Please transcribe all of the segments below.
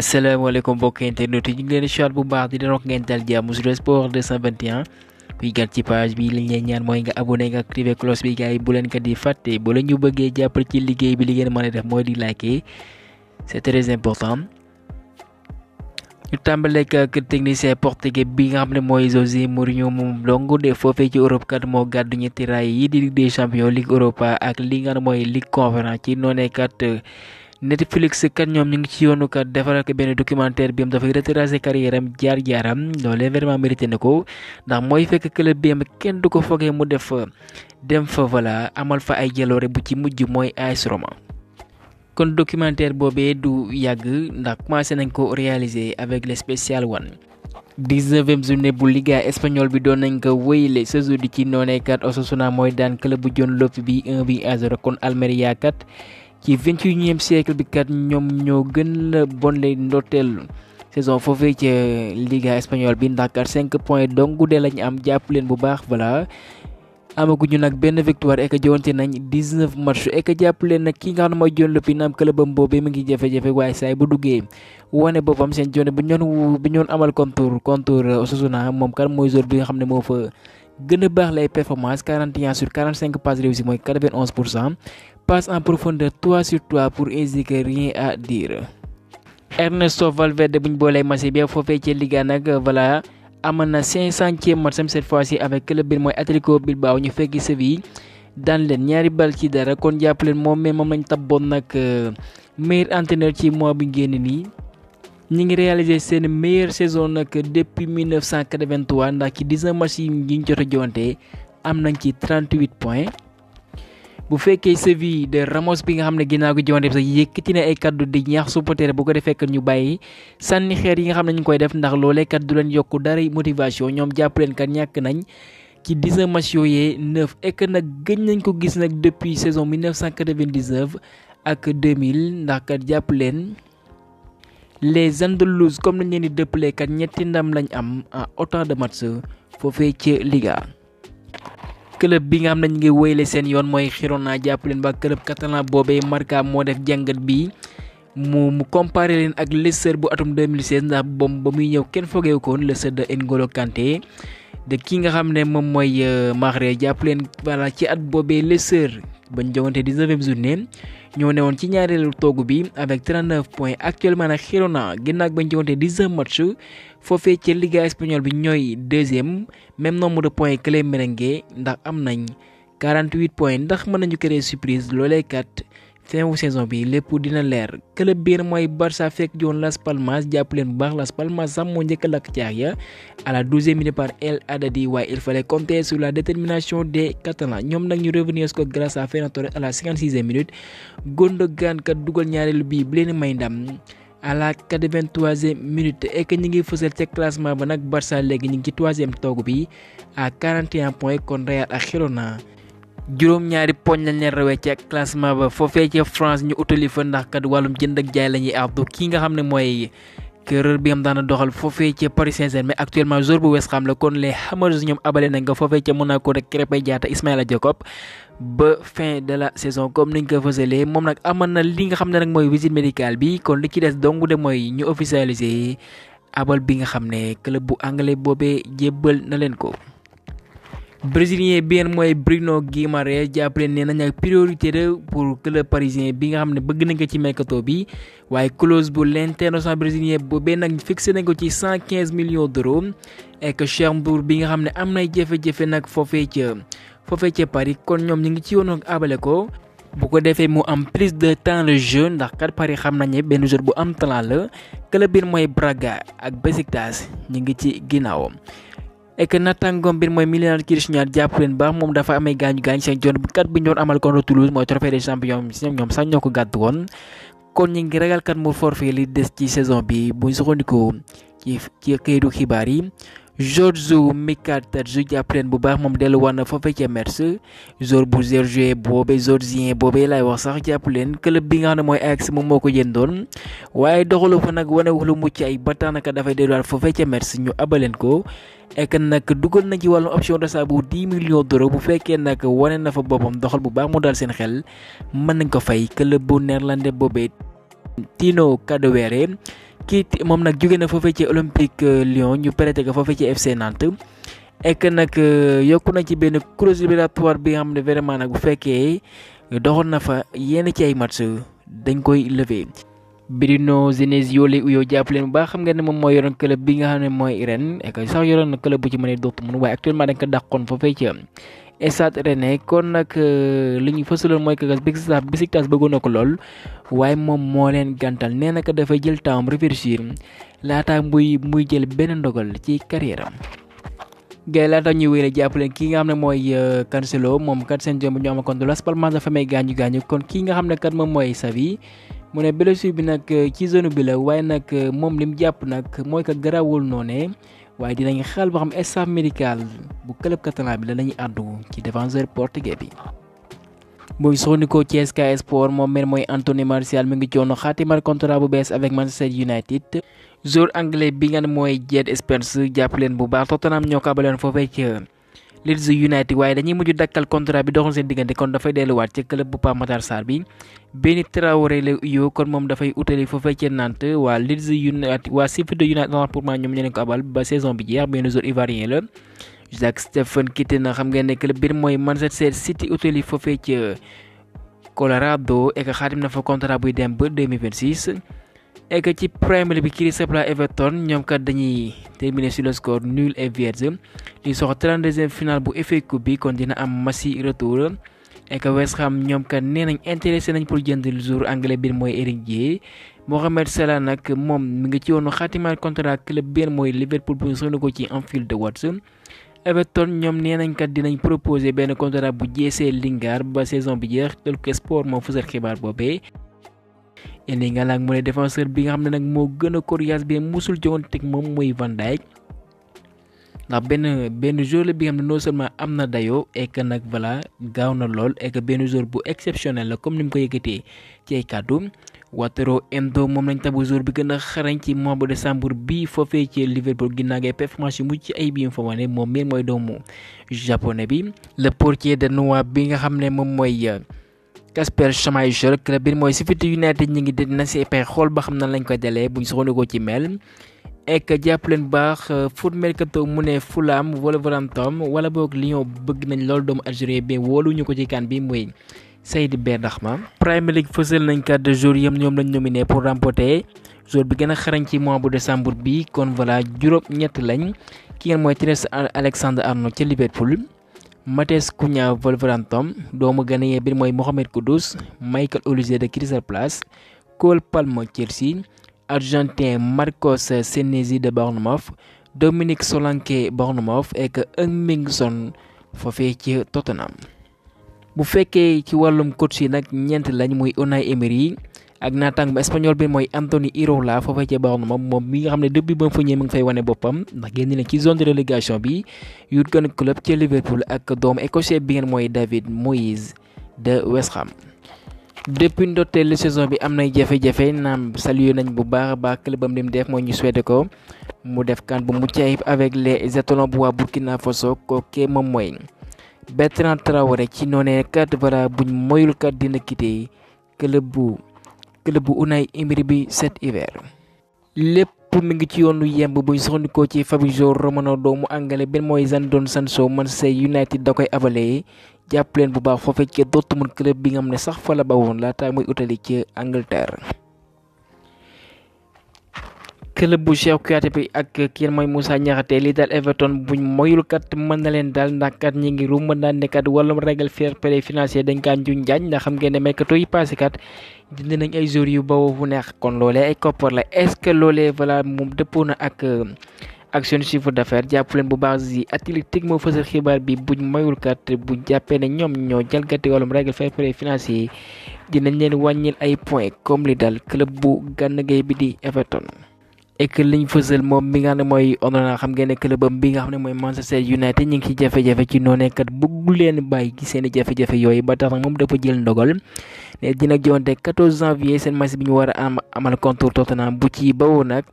asalaamaaleykum mbokki internet yi ñu ngi bu baax di leen wax ngeen dal jàmm sur sport 221 kuy gàtt ci page bi liñ ñaan mooy nga abonné nga activé cloche bi bu leen ko di fàtte bu la ñu ci liggéey bi li ngeen mën a def mooy di liker c'est très important. ñu tàmbaleeg ak technicien portugais bi nga xam ne mooy José Mourinho moom dong de foofee ci Europe kat moo gàddu ñetti raay yi di Ligue des champions Ligue Europa ak li nga xam mooy Ligue Conférence ci noonee Netflix kat ñoom ñu ngi ci yoonu kat defaral ko benn documentaire bi am dafay retracer carrière am jaar jaaram loolee vraiment mérité ko ndax mooy fekk club bi am kenn du ko foogee mu def dem fa voilà amal fa ay jaloore bu ci mujj mooy AS Roma. kon documentaire boobee du yàgg ndax commencé nañ ko réaliser avec le spécial one. 19e journée bu Liga espagnol bi doon nañ ko wéyale sa jour di ci noonee kat Osasuna mooy daan club bu Jon Lopy bi kon Almeria kat. ci vingt et unième siècle bi kat ñoom ñoo gën a bon lay ndorteel saison foofee ci liga espagnole bi ndax kat cinq points dong de lañ am jàpp leen bu baax voilà. amaguñu nag benn victoire ek joonte nañ 19 match ek jàpp leen nag ki nga xam ne mooy John Lopin am ngi jafe waaye saay bu duggee wane boppam seen joone bi ñoon bi ñoon amal contour contour Osasuna moom kan mooy joueur bi nga xam ne moo fa gën baax lay performance 41 sur 45 passes réussies mooy 91 pour cent passe en profondeur toi sur toi pour indiquer rien à dire. Ernesto Valverde bu ñu boolee match bi foofee ci Liga nag voilà amoon na 500e match am cette fois-ci avec club bi mooy Atlético baaw ñu fekki Séville daan leen ñaari bal ci dara kon jàpp leen moom mais moom lañ tabboon nag euh, meilleur entraîneur ci mois bu génn nii. ñu ngi réalisé seen meilleure saison nag depuis 1983 ndax ci 19 match yi ñu jot a joonte am nañ ci 38 points. bu fekkee Séville de Ramos bi nga xam ne ginnaaw gi jon def sax yëkkati na ay kaddu di ñaax supporter bu ko defee kat ñu bàyyi sànni xeer yi nga xam ne ñu koy def ndax loolee kat du leen yokku dara motivation ñoom jàpp leen kat ñàkk nañ ci 19 match yooyee 9 et que nag gëj nañ ko gis nag depuis saison 1999 ak 2000 ndax kat jàpp leen les Andalouses comme nañ leen di dëppalee kat ñetti ndam lañ am en autant de match foofee ci Liga. club bi nga xam ne ñu ngi wéyle seen yoon mooy Girona jàpp leen ba club catalan boobee Marca moo def jàngat bi mu mu comparé leen ak Leicester bu atum 2016 ndax bom ba muy ñëw kenn foogeewu ko woon Leicester de N'Golo de ki nga xam ne moom mooy euh, Mahrez jàpp leen voilà ci at boobee les sœurs bañ jogante 19e journée ñoo ne woon ci ñaareelu toogu bi avec 39 points actuellement nag Girona ginnaaw bañ jogante 19 match foofee ci Liga espagnole bi ñooy deuxième même nombre de points que les merengue ndax am nañ 48 points ndax mën nañu créer surprise loole kat. fin saison bi lépp dina leer club biir mooy barça joon las palmas jàpp leen bu las palmas sax moo njëkk lakk ya à la minute par el adadi waaye il fallait compter sur la détermination des catalans ñoom nag ñu revenir ko grâce à Torres à la 56e minute Gundogan kat dugal ñaareelu bii bi leen may ndam à la 83e minute et que ñi ngi fësal ca classement ba barça ñi ngi bi à 41 points kon Real ak Girona juróom-ñaari poñ lañ leen rawee ci classement ba foofee ca France ñu utali fa ndax kat wàllum jënd ak jaay la ñuy àddu kii nga xam ne mooy kërër bi am daana doxal foofee ca Paris Saint-Germain mais actuellement joueur bu West Ham la kon les Hammers ñoom abale na nga foofee ca Monaco rek Krépin Diatta Ismaïla Jacob ba fin de la saison comme ni niñ ko fësalee moom nag amal na li nga xam ne nag mooy visite médicale bi kon li ci des dong de mooy ñu officialiser abal bi nga xam ne club bu anglais boobee jébbal na leen ko. brésilien benn mooy Bruno Guimarães jàppale ne nañ ak priorité la pour club parisien bi nga xam ne bëgg nañ ko ci mercato bi waaye clause bu l'international brésilien boobee nag fixé nañ ko ci cent quinze millions d'euros et que Cherbourg bi nga xam ne am nay jafe-jafe nag foofee ca foofee ca Paris kon ñoom ñu ngi ci yoon ak abale ko. bu ko defee mu am prise de temps de jeu ndax kat Paris xam nañ benn joueur bu am talent la club bi mooy Braga ak Besiktas ñu ngi ci ginnaawam. et que nattangoom bi mooy millionnaire Krishna Yade jàpp leen baax moom dafa amee gaañu gaañ seen jon bu kat bi ñoon amal contre Toulouse mooy trophée des champions ñoom sax ñoo ko gàddu woon kon ñu ngi ragal kat mu forfait li des ci saison bi bu ñu sukkandikoo ci ci xibaar yi George Mikartar jàppaleen bu baax mom delluwaat wana foofee ca Metz jour bu Georgien boobee Georgien boobee laay wax sax jàppaleen club bi nga xam ne mooy Ajax moom moo ko jëndoon waaye doxalu fa nag lu mucc ay ba tax naka dafay delluwaat foofee ca Metz ñu abaleen ko ek nag dugal na ci wàllum option d'achat bu 10 millions d'euros bu fekkee wane na fa boppam doxal bu baax mu daal seen xel mën nañ ko fay club bu néerlandais Tino Kadewere kii moom nag jóge na foofee ci Olympique euh, Lyon ñu prêté ko foofee ci FC Nantes et que nag euh, yokku na ci benn clause libératoire bi nga xam ne vraiment nag bu fekkee doxoon na fa yenn ci ay match dañ koy lever. Bruno Genesio lay uyoo jàpp leen bu baax xam nga ne moom mooy yoroon club bi nga xam ne mooy Rennes et sax yoroon na club bu ci mën a Dortmund waaye actuellement dañ ko dàqoon foofee ci stade ne kon nag euh, li ñu fësaloon mooy que Besiktas bëggoon na ko lool waaye moom moo leen gàntal nee na dafay jël temps réfléchir laata muy muy jël benn ndogal ci carrière am. gay laata ñuy wéy la jàppale ki nga xam ne mooy euh, Cancelo moom kat seen jom bu ñu am kon Las Palmas dafa may gaañu gaañu kon ki nga xam ne kat moom mooy Xavi mu ne blessure bi nag euh, ci zone bi la waaye nag moom lim jàpp nag mooy que garawul noonee. waaye dinañ xel boo xam staff médical bu club catalan bi la lañuy àddu ci défenseur portugais bi. booy soxnikoo ci Sky Sport moom mel mooy Anthony Martial mi ngi coono xaatimal contrat bu bees avec Manchester United. joueur anglais bi nga ne mooy Jed Spence jàpp leen bu baax Tottenham ñoo ko abaloon foofee ci Leeds United waaye dañuy mujj dakkal contrat bi doxul seen diggante kon dafay delluwaat ci club bu Pape Matar bi Béni Traoré la yoo kon moom dafay utali foofee ci Nantes waa Leeds United waa Sheffield United normalement ñoom ñoo ko abal ba saison bi jeex benn joueur ivoirien la. Jacques Stephen quitté na xam ngeen ne club bi mooy Manchester City utali foofee ci Colorado ek xaatim na fa contrat buy dem ba 2026. et que ci Premier League bi Crystal Palace Everton ñoom kat dañuy terminer sur le score nul et vierge li soxla 32e finale bu FA coupe bi kon dina am massi retour et que West Ham ñoom kat nenañ intéressé nañ pour jënd jour anglais bi moy Eric Dier Mohamed Salah nak mom, mi ngi ci wonu xaatimaal contrat club bi moy Liverpool pour sonu ko ci Anfield de Watson. Everton ñom nenañ nañ kat dinañ proposé ben contrat bu jeesee Lingard ba saison bi jeex tel sport mo fësal xibar boobee. Erling Haaland mu ne défenseur bi nga xam ne nag moo gën a coriace bi musul joxoon teg moom mooy Van Dijk ndax benn benn joueur la bi nga xam ne am na dayoo et nag voilà gaaw na lool benn joueur bu exceptionnel la comme ni mu ko yëkkatee ci ay kàddu Wataru moom lañ tabu jour bi gën a xarañ ci mois de décembre bii foofee ci Liverpool ginnaaw ngay performance ay bi mu fa wane moom miin mooy doomu bi le portier danois bi nga xam ne moom mooy. Kasper Schmeichel club bi mooy Sheffield United ñi ngi dina ci pexe xol ba xam nan lañ koy dalee buñ ko ci mel ek japp leen baax foot mercato mu ne Fulham Wolverhampton wala bok Lyon bëgg nañ loolu doomu Algérie bi wolu ñu ko ci kan bi muy Seydi Berdakhma. Premier League fësal nañ de jour yam ñom lañ nominé pour remporter jour bi gën xarañ ci mois bu décembre bi kon voilà juróom-ñett lañ ki ngeen moy Trent Alexandre arnold ci Liverpool. Matheus Cunha Volverantom, doomu Ghanéen bi Mohamed Kudus Michael Olise de Crystal Place, Cole Palmo Chelsea Argentin Marcos Senesi de Bournemouth Dominique Solanke Bournemouth et Heung-min Son Tottenham. bu fekkee ci walum coach yi nak ñent Emery ak naataango espagnol bi mooy Anthony Irola foofee ca Bayern moom moom mi nga xam ne depuis ba mu fa ñëwee mu ngi fay wane boppam ndax génn na ci zone de relégation bi Jurgen Klopp ca Liverpool ak doomu écossais bi ngeen mooy David Moyes de West Ham. depuis ndorteelu saison bi am nay jafe-jafe naam salué nañ bu baax baax clubam li mu def mooy ñu souhaité ko mu def kan bu mucc ayib avec les étalons bu waa Burkina Faso kooku moom mooy Bertrand Traoré ci noonee kat voilà buñ moyul kat dina quitté club bu Unai Emery bi cet hiver. lépp mu ngi ci yoonu yemb buñ soxandikoo ci Fabrizio Romano doomu angale benn mooy Jadon Sancho Manchester United da koy avalee jàpp leen bu baax foofee ca Dortmund club bi nga xam ne sax fa la woon laataa muy utali ci Angleterre. club bu Cheikhou Kouyaté ak kiir mooy Moussa Niakhaté li daal Everton buñ moyul kat mën na leen daal ndax kat ñi ngi ruum naan ne kat wàllum régal fair play financier dañ kaa njuñ jaañ ndax xam ngeen ne mercato yi passé kat dindi nañ ay joueurs yu bawoo fu neex kon loolee ay koppar la est-ce que loolee voilà moom dëppoo ak euh, ak seen chiffre d'affaires jàpp leen bu baax si Athletic moo fësal xibaar bi buñ mayul kat buñ jàppee ne ñoom ñoo jalgati wàllum règle fair play financier dinañ leen wàññil ay points comme li dal club bu bi di Everton. et que liñ fësal moom mi nga xam ne mooy Onana bi nga xam ne mooy Manchester United ñu ngi ci jafe-jafe ci noonee kat leen bàyyi ci jafe-jafe yooyu ba tax moom dafa jël ndogal ne dina jonte 14 janvier seen match bi ñu war am amal contre Tottenham bu ci bawoo nag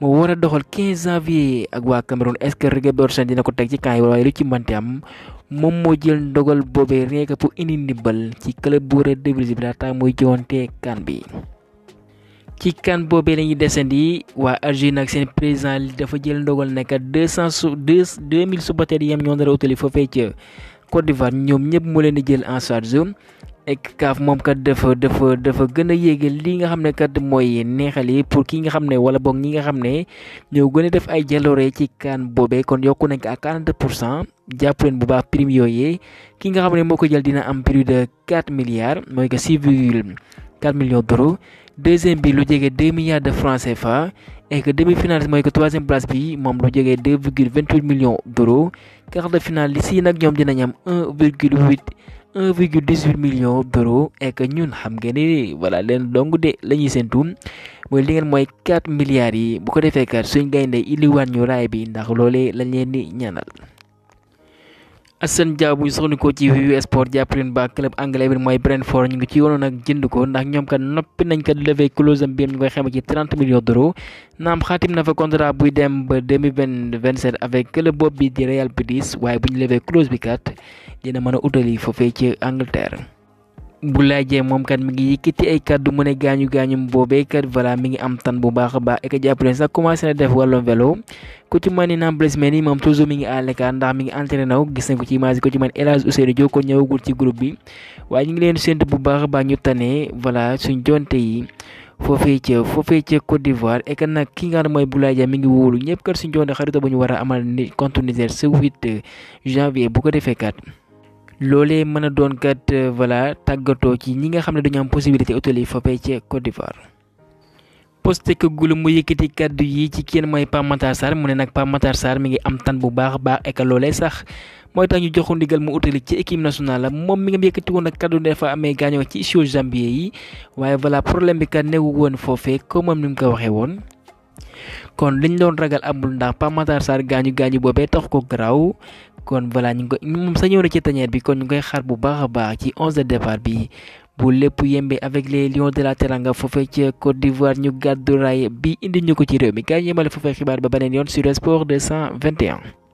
mu war doxal 15 janvier ak waa Cameroun est-ce que dina ko teg ci kaay waaye lu ci mënti am moom moo jël ndogal boobee rien que pour indi ndimbal ci club bu war a débrisé bi laata muy jonte ci kan boobe la ñuy desandi waa Algérie nag seen président dafa jël ndogal nekk deux cent su deux deux mille supporters yam ñoo nar a utali foofee ca Côte d'Ivoire ñoom ñëpp moo leen di jël en charge ek kaaf moom kat dafa dafa dafa gën a yéegal lii nga xam ne kat mooy neexal yi pour ki nga xam ne wala boog ñi nga xam ne ñoo gën a def ay jaloore ci kan boobee kon yokk nañ ko à 40 pour cent jàpp leen bu baax prime yooyee ki nga xam ne moo ko jël dina am plus de 4 milliards mooy que 6 virgule 4 millions d'euros deuxième bi lu jege 2 milliards de francs CFA et que demi-finaliste mooy que troisième place bi moom lu jege 2 virgule 28 millions d'euros quart de finale li si nag ñoom dinañ am 1 virgule 8 1 virgule 18 millions d'euros et que ñun xam ngeen ni voilà leen dong de la ñuy séntu mooy li ngeen mooy 4 milliards yi bu ko defee kat suñ gaynde iliwaan ñu raay bi ndax loole lañ leen di ñaanal. Assane Dia buy soxnikoo ci wiw sport jàppaleen ba club anglais bi mooy Brentford ñu ngi ci yoonu nag jënd ko ndax ñoom kat noppi nañ kat levé clause am bi ñu koy xamee ci 30 millions d'euros naam xaatim na fa contrat buy dem ba 2027 avec club boobu bi di Real Betis waaye bu ñu levé clause bi kat dina mën a utali foofee ci Angleterre bu laajee moom kat mi ngi yëkkati ay kàddu mu ne gaañu gaañum boobee kat mi ngi am tan bu baax a baax ek jàppale sax commencé na def wàllum vélo ku ci mën ni Nampalys Mendy moom toujours mi ngi à ndax mi ngi entraîné naw gis nañ ko ci image ku ci mën El Hadj Ousseynou ko ñëwagul ci groupe bi waaye ñu ngi leen séntu bu baax a baax ñu tane voilà suñ jonte yi foofee ca foofee ca Côte d'Ivoire et que nag ki nga xam mooy Boulaye Dia mi ngi wóolu ñëpp kat suñ jonte xarito ñu war a amal contre Niger ce 8 bu ko defee kat loolee mën a doon kat euh, voilà tàggatoo ci ñi nga xam ne dañu am possibilité hôtel yi foofee ci Côte d'Ivoire. posté que gulu mu yëkkati kàddu yi ci kenn mooy Pape Matar Sarr mu ne nag Pape Matar saar mi ngi am tan bu baax a baax ak loolee sax mooy tax ñu joxu ndigal mu utali ci équipe nationale la moom mi nga yëkkati woon ak kàddu ne dafa amee gaañoo ci show jambier yi waaye voilà problème bi kat newu woon foofee comme ni mu ko waxee woon. kon liñ doon ragal amul ndax Pape Matar Sarr gaañu gaañu boobee tax ko garaaw kon voilà ñu ngi koy moom sa ci tanière bi kon ñu koy xaar bu baax a baax ci onze de départ bi bu lépp yembe avec les lions de la Teranga foofee ci Côte d'Ivoire ñu gàddu raay bi indi ñu ko ci réew mi gaa ñeemale foofee xibaar ba beneen yoon sur cent sport 221